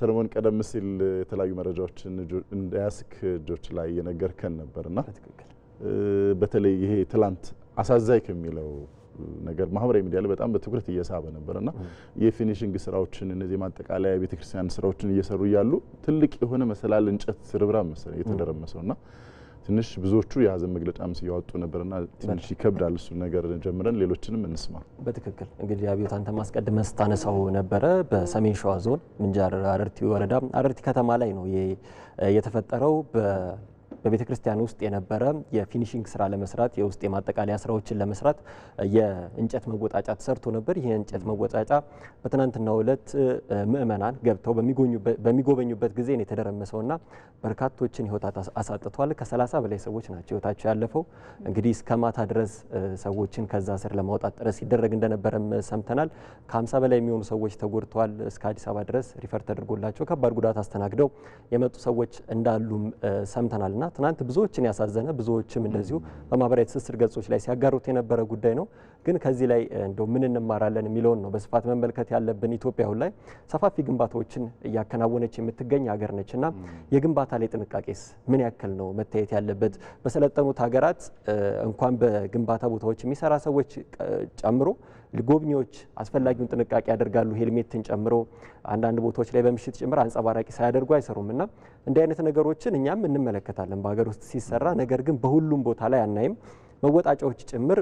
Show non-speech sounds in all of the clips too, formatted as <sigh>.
ሰለሞን ቀደም ሲል የተለያዩ መረጃዎችን እንዳያስክ እጆች ላይ እየነገርከን ነበርና በተለይ ይሄ ትላንት አሳዛኝ ከሚለው ነገር ማህበራዊ ሚዲያ ላይ በጣም በትኩረት እየሳበ ነበርና የፊኒሽንግ ስራዎችን እነዚህ ማጠቃለያ ቤተክርስቲያን ስራዎችን እየሰሩ እያሉ ትልቅ የሆነ መሰላል እንጨት ርብራብ መሰለኝ የተደረመሰውና ትንሽ ብዙዎቹ የሀዘን መግለጫም ሲያወጡ ነበርና ትንሽ ይከብዳል። እሱ ነገር ጀምረን ሌሎችንም እንስማ። በትክክል እንግዲህ አብዮት አንተ ማስቀድመ ስታነሳው ነበረ። በሰሜን ሸዋ ዞን ምንጃር አረርቲ ወረዳ አረርቲ ከተማ ላይ ነው የተፈጠረው። በቤተ ክርስቲያን ውስጥ የነበረ የፊኒሽንግ ስራ ለመስራት የውስጥ የማጠቃለያ ስራዎችን ለመስራት የእንጨት መወጣጫ ተሰርቶ ነበር። ይህ እንጨት መወጣጫ በትናንትናው ዕለት ምእመናን ገብተው በሚጎበኙበት ጊዜ ነው የተደረመሰውና በርካቶችን ህይወት አሳጥቷል። ከሰላሳ በላይ ሰዎች ናቸው ህይወታቸው ያለፈው። እንግዲህ እስከ ማታ ድረስ ሰዎችን ከዛ ስር ለማውጣት ጥረት ሲደረግ እንደነበረም ሰምተናል። ከሀምሳ በላይ የሚሆኑ ሰዎች ተጎድተዋል። እስከ አዲስ አበባ ድረስ ሪፈር ተደርጎላቸው ከባድ ጉዳት አስተናግደው የመጡ ሰዎች እንዳሉም ሰምተናልና ትናንት ብዙዎችን ያሳዘነ ብዙዎችም እንደዚሁ በማህበራዊ ትስስር ገጾች ላይ ሲያጋሩት የነበረ ጉዳይ ነው። ግን ከዚህ ላይ እንደው ምን እንማራለን የሚለውን ነው በስፋት መመልከት ያለብን። ኢትዮጵያ አሁን ላይ ሰፋፊ ግንባታዎችን እያከናወነች የምትገኝ ሀገር ነች እና የግንባታ ላይ ጥንቃቄስ ምን ያክል ነው መታየት ያለበት? በሰለጠኑት ሀገራት እንኳን በግንባታ ቦታዎች የሚሰራ ሰዎች ጨምሮ ጎብኚዎች አስፈላጊውን ጥንቃቄ ያደርጋሉ። ሄልሜትን ጨምሮ አንዳንድ ቦታዎች ላይ በምሽት ጭምር አንጸባራቂ ሳያደርጉ አይሰሩም እና እንዲህ አይነት ነገሮችን እኛም እንመለከታለን በሀገር ውስጥ ሲሰራ። ነገር ግን በሁሉም ቦታ ላይ አናይም። መወጣጫዎች ጭምር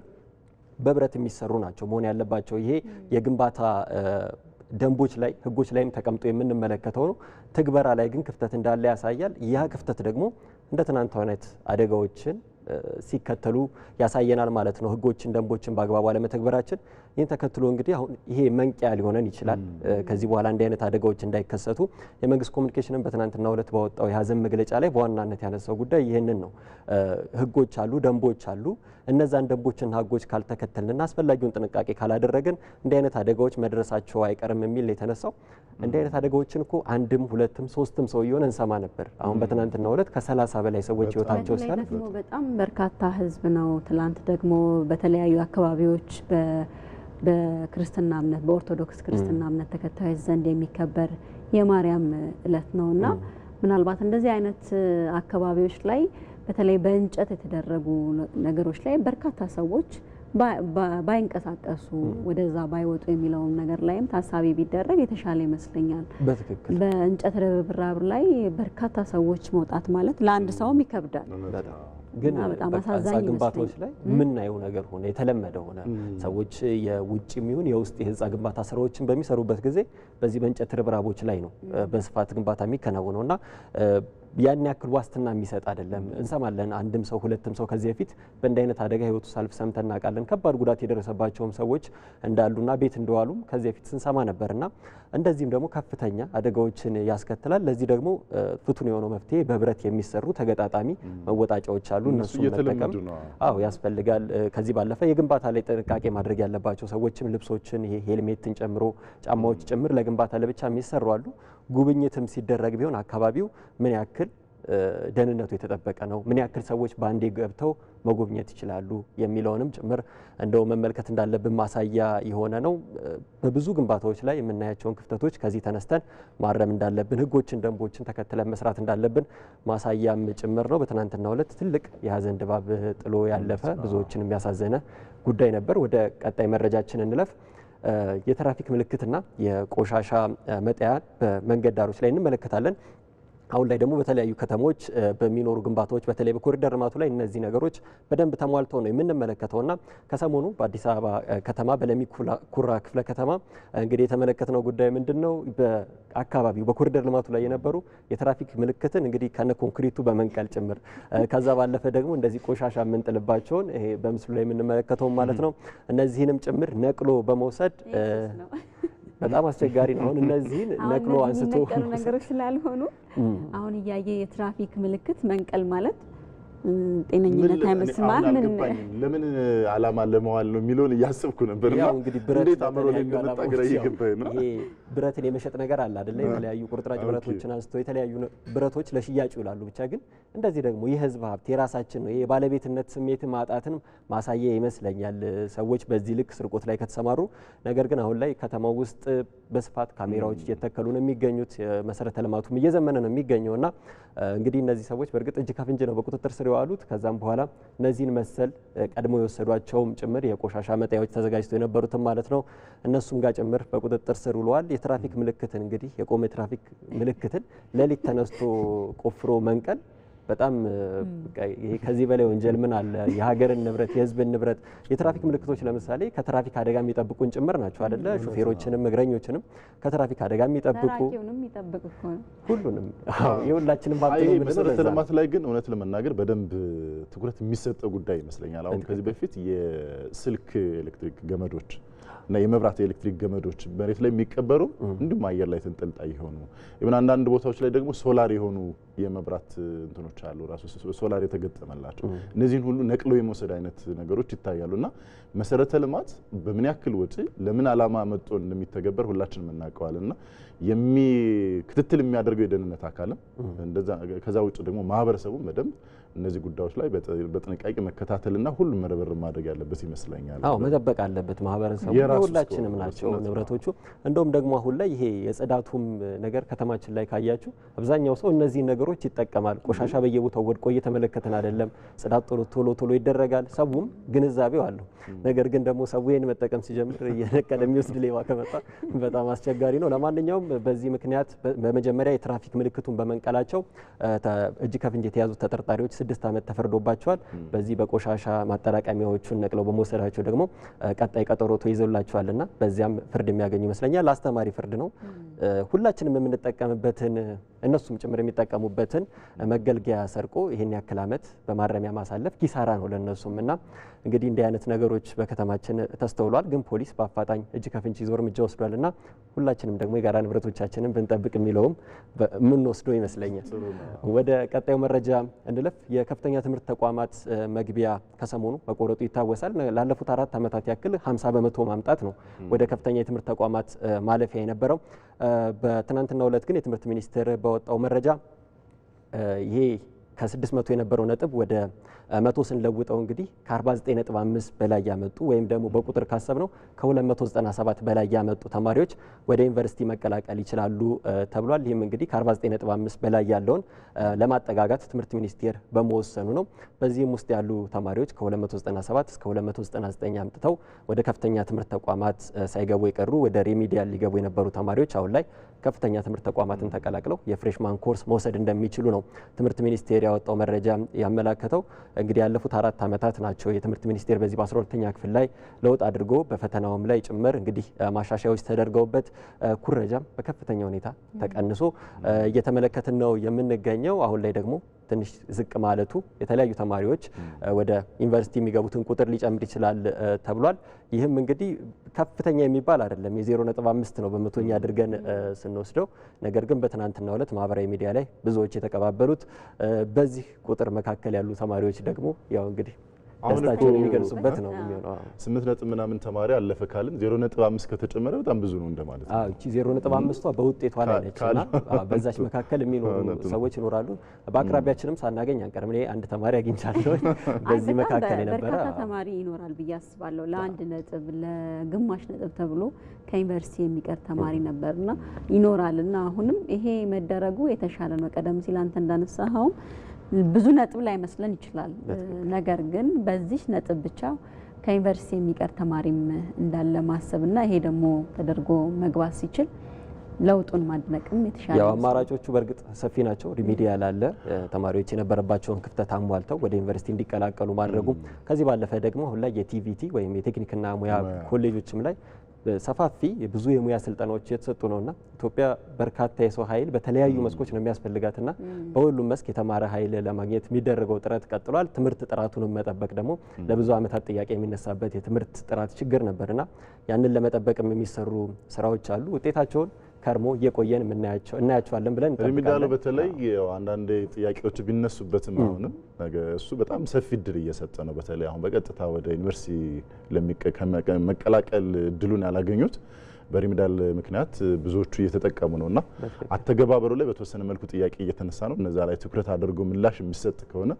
በብረት የሚሰሩ ናቸው መሆን ያለባቸው። ይሄ የግንባታ ደንቦች ላይ ህጎች ላይም ተቀምጦ የምንመለከተው ነው። ትግበራ ላይ ግን ክፍተት እንዳለ ያሳያል። ያ ክፍተት ደግሞ እንደ ትናንት አይነት አደጋዎችን ሲከተሉ ያሳየናል ማለት ነው። ህጎችን ደንቦችን በአግባቡ አለመተግበራችን ይህን ተከትሎ እንግዲህ አሁን ይሄ መንቅያ ሊሆነን ይችላል። ከዚህ በኋላ እንዲህ አይነት አደጋዎች እንዳይከሰቱ የመንግስት ኮሚኒኬሽንን በትናንትና ሁለት ባወጣው የሀዘን መግለጫ ላይ በዋናነት ያነሳው ጉዳይ ይህንን ነው። ህጎች አሉ፣ ደንቦች አሉ። እነዛን ደንቦችና ህጎች ካልተከተልንና አስፈላጊውን ጥንቃቄ ካላደረግን እንዲህ አይነት አደጋዎች መድረሳቸው አይቀርም የሚል የተነሳው እንዲህ አይነት አደጋዎችን እኮ አንድም ሁለትም ሶስትም ሰው እየሆነ እንሰማ ነበር። አሁን በትናንትና ሁለት ከሰላሳ በላይ ሰዎች ህይወታቸው ሲያልፍ በጣም በርካታ ህዝብ ነው። ትላንት ደግሞ በተለያዩ አካባቢዎች በክርስትና እምነት በኦርቶዶክስ ክርስትና እምነት ተከታዮች ዘንድ የሚከበር የማርያም እለት ነው እና ምናልባት እንደዚህ አይነት አካባቢዎች ላይ በተለይ በእንጨት የተደረጉ ነገሮች ላይ በርካታ ሰዎች ባይንቀሳቀሱ ወደዛ ባይወጡ የሚለውን ነገር ላይም ታሳቢ ቢደረግ የተሻለ ይመስለኛል። በትክክል በእንጨት ርብራብ ላይ በርካታ ሰዎች መውጣት ማለት ለአንድ ሰውም ይከብዳል። ግን በጣም ግንባታዎች ላይ የምናየው ነገር ሆነ የተለመደ ሆነ። ሰዎች የውጭም ይሁን የውስጥ የህንፃ ግንባታ ስራዎችን በሚሰሩበት ጊዜ በዚህ በእንጨት ርብራቦች ላይ ነው በስፋት ግንባታ የሚከናወነውና ያን ያክል ዋስትና የሚሰጥ አይደለም። እንሰማለን አንድም ሰው ሁለትም ሰው ከዚህ በፊት በእንዲህ አይነት አደጋ ህይወቱ ሳልፍ ሰምተን እናውቃለን። ከባድ ጉዳት የደረሰባቸውም ሰዎች እንዳሉና ቤት እንደዋሉም ከዚህ በፊት ስንሰማ ነበርና እንደዚህም ደግሞ ከፍተኛ አደጋዎችን ያስከትላል። ለዚህ ደግሞ ፍቱን የሆነው መፍትሄ በብረት የሚሰሩ ተገጣጣሚ መወጣጫዎች አሉ። እነሱ መጠቀም አዎ ያስፈልጋል። ከዚህ ባለፈ የግንባታ ላይ ጥንቃቄ ማድረግ ያለባቸው ሰዎችም ልብሶችን ይሄ ሄልሜትን ጨምሮ ጫማዎች ጭምር ለግንባታ ለብቻ የሚሰሩ አሉ። ጉብኝትም ሲደረግ ቢሆን አካባቢው ምን ያክል ደህንነቱ የተጠበቀ ነው፣ ምን ያክል ሰዎች በአንዴ ገብተው መጎብኘት ይችላሉ የሚለውንም ጭምር እንደው መመልከት እንዳለብን ማሳያ የሆነ ነው። በብዙ ግንባታዎች ላይ የምናያቸውን ክፍተቶች ከዚህ ተነስተን ማረም እንዳለብን፣ ህጎችን ደንቦችን ተከትለን መስራት እንዳለብን ማሳያም ጭምር ነው። በትናንትናው ዕለት ትልቅ የሀዘን ድባብ ጥሎ ያለፈ ብዙዎችን የሚያሳዘነ ጉዳይ ነበር። ወደ ቀጣይ መረጃችን እንለፍ። የትራፊክ ምልክትና የቆሻሻ መጣያ በመንገድ ዳሮች ላይ እንመለከታለን። አሁን ላይ ደግሞ በተለያዩ ከተሞች በሚኖሩ ግንባታዎች በተለይ በኮሪደር ልማቱ ላይ እነዚህ ነገሮች በደንብ ተሟልተው ነው የምንመለከተውና ከሰሞኑ በአዲስ አበባ ከተማ በለሚ ኩራ ክፍለ ከተማ እንግዲህ የተመለከትነው ጉዳይ ምንድን ነው? በአካባቢው በኮሪደር ልማቱ ላይ የነበሩ የትራፊክ ምልክትን እንግዲህ ከነ ኮንክሪቱ በመንቀል ጭምር ከዛ ባለፈ ደግሞ እንደዚህ ቆሻሻ የምንጥልባቸውን ይሄ በምስሉ ላይ የምንመለከተው ማለት ነው እነዚህንም ጭምር ነቅሎ በመውሰድ በጣም አስቸጋሪ ነው። አሁን እነዚህን ነቅሎ አንስቶ ነገሮች ስላልሆኑ አሁን እያየ የትራፊክ ምልክት መንቀል ማለት ጤነኝነት አይመስልም። አልገባኝም ለምን ዓላማ ለመዋል ነው የሚለውን እያሰብኩ ነበር። እንግዲህ ብረት አመሮ ላይ እንደመጣ ግራ እየገባኝ ነው። ይሄ ብረትን የመሸጥ ነገር አለ አይደለ? የተለያዩ ቁርጥራጭ ብረቶችን አንስቶ የተለያዩ ብረቶች ለሽያጭ ይውላሉ። ብቻ ግን እንደዚህ ደግሞ የህዝብ ሀብት የራሳችን ነው። የባለቤትነት ስሜት ማጣትን ማሳያ ይመስለኛል ሰዎች በዚህ ልክ ስርቆት ላይ ከተሰማሩ። ነገር ግን አሁን ላይ ከተማው ውስጥ በስፋት ካሜራዎች እየተከሉ ነው የሚገኙት። መሰረተ ልማቱም እየዘመነ ነው የሚገኘው እና እንግዲህ እነዚህ ሰዎች በእርግጥ እጅ ከፍንጅ ነው በቁጥጥር ስር የዋሉት። ከዛም በኋላ እነዚህን መሰል ቀድሞ የወሰዷቸውም ጭምር የቆሻሻ መጣያዎች ተዘጋጅተው የነበሩትም ማለት ነው እነሱም ጋር ጭምር በቁጥጥር ስር ውለዋል። የትራፊክ ምልክትን እንግዲህ የቆመ የትራፊክ ምልክትን ሌሊት ተነስቶ ቆፍሮ መንቀል በጣም ከዚህ በላይ ወንጀል ምን አለ? የሀገርን ንብረት፣ የህዝብን ንብረት፣ የትራፊክ ምልክቶች ለምሳሌ ከትራፊክ አደጋ የሚጠብቁን ጭምር ናቸው አደለ? ሹፌሮችንም እግረኞችንም ከትራፊክ አደጋ የሚጠብቁ ሁሉንም የሁላችንም መሰረተ ልማት ላይ ግን እውነት ለመናገር በደንብ ትኩረት የሚሰጠው ጉዳይ ይመስለኛል። አሁን ከዚህ በፊት የስልክ ኤሌክትሪክ ገመዶች እና የመብራት የኤሌክትሪክ ገመዶች መሬት ላይ የሚቀበሩ እንዲሁም አየር ላይ ተንጠልጣይ የሆኑ ይሁን አንዳንድ ቦታዎች ላይ ደግሞ ሶላር የሆኑ የመብራት እንትኖች አሉ ራሱ ሶላር የተገጠመላቸው እነዚህን ሁሉ ነቅሎ የመውሰድ አይነት ነገሮች ይታያሉ እና መሰረተ ልማት በምን ያክል ወጪ ለምን ዓላማ መጥቶ እንደሚተገበር ሁላችንም እናውቀዋል እና ክትትል የሚያደርገው የደህንነት አካልም ከዛ ውጭ ደግሞ ማህበረሰቡም በደንብ እነዚህ ጉዳዮች ላይ በጥንቃቄ መከታተልና ሁሉም መረበር ማድረግ ያለበት ይመስለኛል። አዎ መጠበቅ አለበት ማህበረሰቡ፣ ሁላችንም ናቸው ንብረቶቹ። እንደውም ደግሞ አሁን ላይ ይሄ የጽዳቱም ነገር ከተማችን ላይ ካያችሁ አብዛኛው ሰው እነዚህ ነገሮች ይጠቀማል። ቆሻሻ በየቦታው ወድቆ እየተመለከተን አይደለም። ጽዳት ቶሎ ቶሎ ቶሎ ይደረጋል። ሰውም ግንዛቤው አለው። ነገር ግን ደግሞ ሰው ይህን መጠቀም ሲጀምር እየነቀለ የሚወስድ ሌባ ከመጣ በጣም አስቸጋሪ ነው። ለማንኛውም በዚህ ምክንያት በመጀመሪያ የትራፊክ ምልክቱን በመንቀላቸው እጅ ከፍንጅ የተያዙት ተጠርጣሪዎች ስድስት ዓመት ተፈርዶባቸዋል። በዚህ በቆሻሻ ማጠራቀሚያዎቹን ነቅለው በመውሰዳቸው ደግሞ ቀጣይ ቀጠሮ ተይዞላቸዋል እና በዚያም ፍርድ የሚያገኙ ይመስለኛል። አስተማሪ ፍርድ ነው። ሁላችንም የምንጠቀምበትን እነሱም ጭምር የሚጠቀሙበትን መገልገያ ሰርቆ ይህን ያክል ዓመት በማረሚያ ማሳለፍ ኪሳራ ነው ለእነሱም እና እንግዲህ እንዲህ አይነት ነገሮች በከተማችን ተስተውሏል። ግን ፖሊስ በአፋጣኝ እጅ ከፍንጭ ይዞ እርምጃ ወስዷል እና ሁላችንም ደግሞ የጋራ ንብረቶቻችንን ብንጠብቅ የሚለውም የምንወስደው ይመስለኛል። ወደ ቀጣዩ መረጃ እንለፍ። የከፍተኛ ትምህርት ተቋማት መግቢያ ከሰሞኑ መቆረጡ ይታወሳል። ላለፉት አራት ዓመታት ያክል 50 በመቶ ማምጣት ነው ወደ ከፍተኛ የትምህርት ተቋማት ማለፊያ የነበረው በትናንትናው ዕለት ግን የትምህርት ሚኒስቴር ባወጣው መረጃ ይሄ ከ600 የነበረው ነጥብ ወደ መቶ ስንለውጠው እንግዲህ ከ49.5 በላይ ያመጡ ወይም ደግሞ በቁጥር ካሰብ ነው ከ297 በላይ ያመጡ ተማሪዎች ወደ ዩኒቨርሲቲ መቀላቀል ይችላሉ ተብሏል። ይህም እንግዲህ ከ49.5 በላይ ያለውን ለማጠጋጋት ትምህርት ሚኒስቴር በመወሰኑ ነው። በዚህም ውስጥ ያሉ ተማሪዎች ከ297 እስከ 299 አምጥተው ወደ ከፍተኛ ትምህርት ተቋማት ሳይገቡ የቀሩ ወደ ሪሚዲያል ሊገቡ የነበሩ ተማሪዎች አሁን ላይ ከፍተኛ ትምህርት ተቋማትን ተቀላቅለው የፍሬሽማን ኮርስ መውሰድ እንደሚችሉ ነው ትምህርት ሚኒስቴር ያወጣው መረጃ ያመላከተው። እንግዲህ ያለፉት አራት ዓመታት ናቸው የትምህርት ሚኒስቴር በዚህ በ12ኛ ክፍል ላይ ለውጥ አድርጎ በፈተናውም ላይ ጭምር እንግዲህ ማሻሻያዎች ተደርገውበት ኩረጃም በከፍተኛ ሁኔታ ተቀንሶ እየተመለከትን ነው የምንገኘው። አሁን ላይ ደግሞ ትንሽ ዝቅ ማለቱ የተለያዩ ተማሪዎች ወደ ዩኒቨርሲቲ የሚገቡትን ቁጥር ሊጨምር ይችላል ተብሏል። ይህም እንግዲህ ከፍተኛ የሚባል አይደለም፣ የዜሮ ነጥብ አምስት ነው በመቶኛ አድርገን ስንወስደው። ነገር ግን በትናንትናው ዕለት ማህበራዊ ሚዲያ ላይ ብዙዎች የተቀባበሉት በዚህ ቁጥር መካከል ያሉ ተማሪዎች ደግሞ ያው እንግዲህ ደስታቸውን የሚገልጹበት ነው የሚሆነው። ስምንት ነጥብ ምናምን ተማሪ አለፈ ካልን ዜሮ ነጥብ አምስት ከተጨመረ በጣም ብዙ ነው እንደማለት ነው። እቺ ዜሮ ነጥብ አምስቷ በውጤቷ ላይ ነች እና በዛች መካከል የሚኖሩ ሰዎች ይኖራሉ። በአቅራቢያችንም ሳናገኝ አንቀርም። እኔ አንድ ተማሪ አግኝቻለሁ። <laughs> በዚህ መካከል የነበረ ተማሪ ይኖራል ብዬ አስባለሁ። ለአንድ ነጥብ ለግማሽ ነጥብ ተብሎ ከዩኒቨርሲቲ የሚቀር ተማሪ ነበርና ይኖራል እና አሁንም ይሄ መደረጉ የተሻለ ነው። ቀደም ሲል አንተ እንዳነሳኸውም ብዙ ነጥብ ላይ መስለን ይችላል። ነገር ግን በዚህ ነጥብ ብቻ ከዩኒቨርሲቲ የሚቀር ተማሪም እንዳለ ማሰብ እና ይሄ ደግሞ ተደርጎ መግባት ሲችል ለውጡን ማድነቅም የተሻለ ያው አማራጮቹ በእርግጥ ሰፊ ናቸው። ሪሚዲያል አለ፣ ተማሪዎች የነበረባቸውን ክፍተት አሟልተው ወደ ዩኒቨርሲቲ እንዲቀላቀሉ ማድረጉም ከዚህ ባለፈ ደግሞ አሁን ላይ የቲቪቲ ወይም የቴክኒክና ሙያ ኮሌጆችም ላይ ሰፋፊ ብዙ የሙያ ስልጠናዎች የተሰጡ ነውና ኢትዮጵያ በርካታ የሰው ኃይል በተለያዩ መስኮች ነው የሚያስፈልጋትና በሁሉም መስክ የተማረ ኃይል ለማግኘት የሚደረገው ጥረት ቀጥሏል። ትምህርት ጥራቱንም መጠበቅ ደግሞ ለብዙ ዓመታት ጥያቄ የሚነሳበት የትምህርት ጥራት ችግር ነበርና ያንን ለመጠበቅም የሚሰሩ ስራዎች አሉ ውጤታቸውን ከርሞ እየቆየን እናያቸዋለን ብለን ሚዳለው በተለይ አንዳንድ ጥያቄዎች ቢነሱበትም አሁንም እሱ በጣም ሰፊ እድል እየሰጠ ነው። በተለይ አሁን በቀጥታ ወደ ዩኒቨርሲቲ መቀላቀል እድሉን ያላገኙት በሪሚዳል ምክንያት ብዙዎቹ እየተጠቀሙ ነው እና አተገባበሩ ላይ በተወሰነ መልኩ ጥያቄ እየተነሳ ነው። እነዛ ላይ ትኩረት አድርጎ ምላሽ የሚሰጥ ከሆነ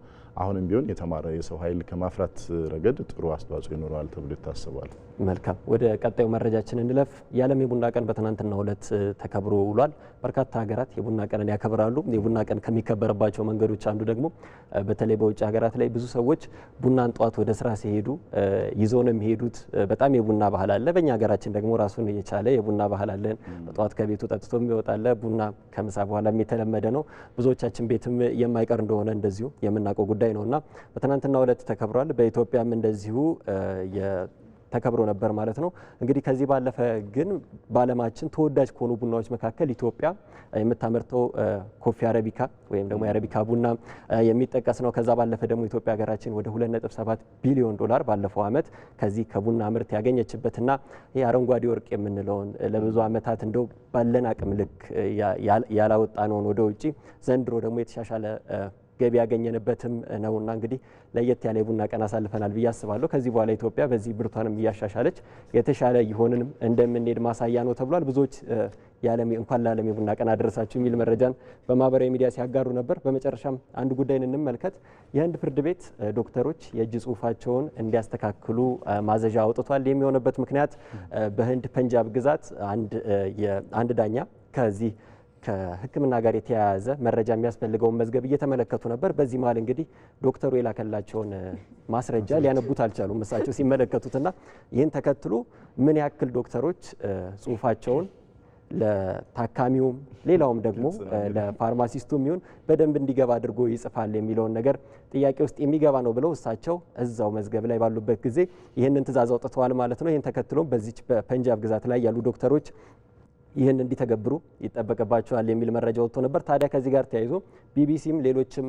አሁንም ቢሆን የተማረ የሰው ኃይል ከማፍራት ረገድ ጥሩ አስተዋጽኦ ይኖረዋል ተብሎ ይታሰባል። መልካም ወደ ቀጣዩ መረጃችን እንለፍ። የዓለም የቡና ቀን በትናንትናው ዕለት ተከብሮ ውሏል። በርካታ ሀገራት የቡና ቀንን ያከብራሉ። የቡና ቀን ከሚከበርባቸው መንገዶች አንዱ ደግሞ በተለይ በውጭ ሀገራት ላይ ብዙ ሰዎች ቡናን ጠዋት ወደ ስራ ሲሄዱ ይዘው ነው የሚሄዱት። በጣም የቡና ባህል አለ። በእኛ ሀገራችን ደግሞ ራሱን እየቻለ የቡና ባህል አለን። በጠዋት ከቤቱ ጠጥቶ የሚወጣለ ቡና ከምሳ በኋላ የተለመደ ነው። ብዙዎቻችን ቤትም የማይቀር እንደሆነ እንደዚሁ የምናውቀው ጉዳይ ነው እና በትናንትናው ዕለት ተከብሯል። በኢትዮጵያም እንደዚሁ ተከብሮ ነበር ማለት ነው። እንግዲህ ከዚህ ባለፈ ግን በዓለማችን ተወዳጅ ከሆኑ ቡናዎች መካከል ኢትዮጵያ የምታመርተው ኮፊ አረቢካ ወይም ደግሞ የአረቢካ ቡና የሚጠቀስ ነው። ከዛ ባለፈ ደግሞ ኢትዮጵያ ሀገራችን ወደ 2.7 ቢሊዮን ዶላር ባለፈው ዓመት ከዚህ ከቡና ምርት ያገኘችበትና ይህ አረንጓዴ ወርቅ የምንለውን ለብዙ ዓመታት እንደው ባለን አቅም ልክ ያላወጣ ነውን ወደ ውጭ ዘንድሮ ደግሞ የተሻሻለ ገቢ ያገኘንበትም ነውና እንግዲህ ለየት ያለ የቡና ቀን አሳልፈናል ብዬ አስባለሁ። ከዚህ በኋላ ኢትዮጵያ በዚህ ብርቷንም እያሻሻለች የተሻለ ይሆንንም እንደምንሄድ ማሳያ ነው ተብሏል። ብዙዎች የዓለም እንኳን ለዓለም የቡና ቀን አደረሳችሁ የሚል መረጃን በማህበራዊ ሚዲያ ሲያጋሩ ነበር። በመጨረሻም አንድ ጉዳይን እንመልከት። የህንድ ፍርድ ቤት ዶክተሮች የእጅ ጽሁፋቸውን እንዲያስተካክሉ ማዘዣ አውጥቷል። የሚሆንበት ምክንያት በህንድ ፐንጃብ ግዛት አንድ ዳኛ ከዚህ ከህክምና ጋር የተያያዘ መረጃ የሚያስፈልገውን መዝገብ እየተመለከቱ ነበር። በዚህ መሀል እንግዲህ ዶክተሩ የላከላቸውን ማስረጃ ሊያነቡት አልቻሉም እሳቸው ሲመለከቱትና ይህን ተከትሎ ምን ያክል ዶክተሮች ጽሁፋቸውን ለታካሚውም ሌላውም ደግሞ ለፋርማሲስቱ ይሁን በደንብ እንዲገባ አድርጎ ይጽፋል የሚለውን ነገር ጥያቄ ውስጥ የሚገባ ነው ብለው እሳቸው እዛው መዝገብ ላይ ባሉበት ጊዜ ይህንን ትዕዛዝ አውጥተዋል ማለት ነው። ይህን ተከትሎም በዚች በፐንጃብ ግዛት ላይ ያሉ ዶክተሮች ይህን እንዲተገብሩ ይጠበቅባቸዋል የሚል መረጃ ወጥቶ ነበር። ታዲያ ከዚህ ጋር ተያይዞ ቢቢሲም ሌሎችም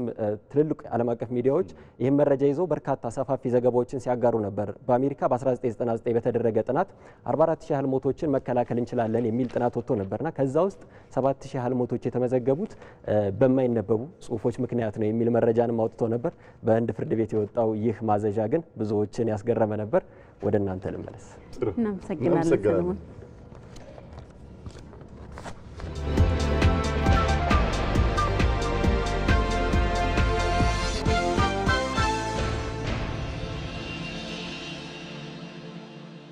ትልልቅ ዓለም አቀፍ ሚዲያዎች ይህን መረጃ ይዘው በርካታ ሰፋፊ ዘገባዎችን ሲያጋሩ ነበር። በአሜሪካ በ1999 በተደረገ ጥናት 44 ያህል ሞቶችን መከላከል እንችላለን የሚል ጥናት ወጥቶ ነበርና ከዛ ውስጥ 7 ያህል ሞቶች የተመዘገቡት በማይነበቡ ጽሁፎች ምክንያት ነው የሚል መረጃንም አውጥቶ ነበር። በህንድ ፍርድ ቤት የወጣው ይህ ማዘዣ ግን ብዙዎችን ያስገረመ ነበር። ወደ እናንተ ልመለስ። እናመሰግናለን።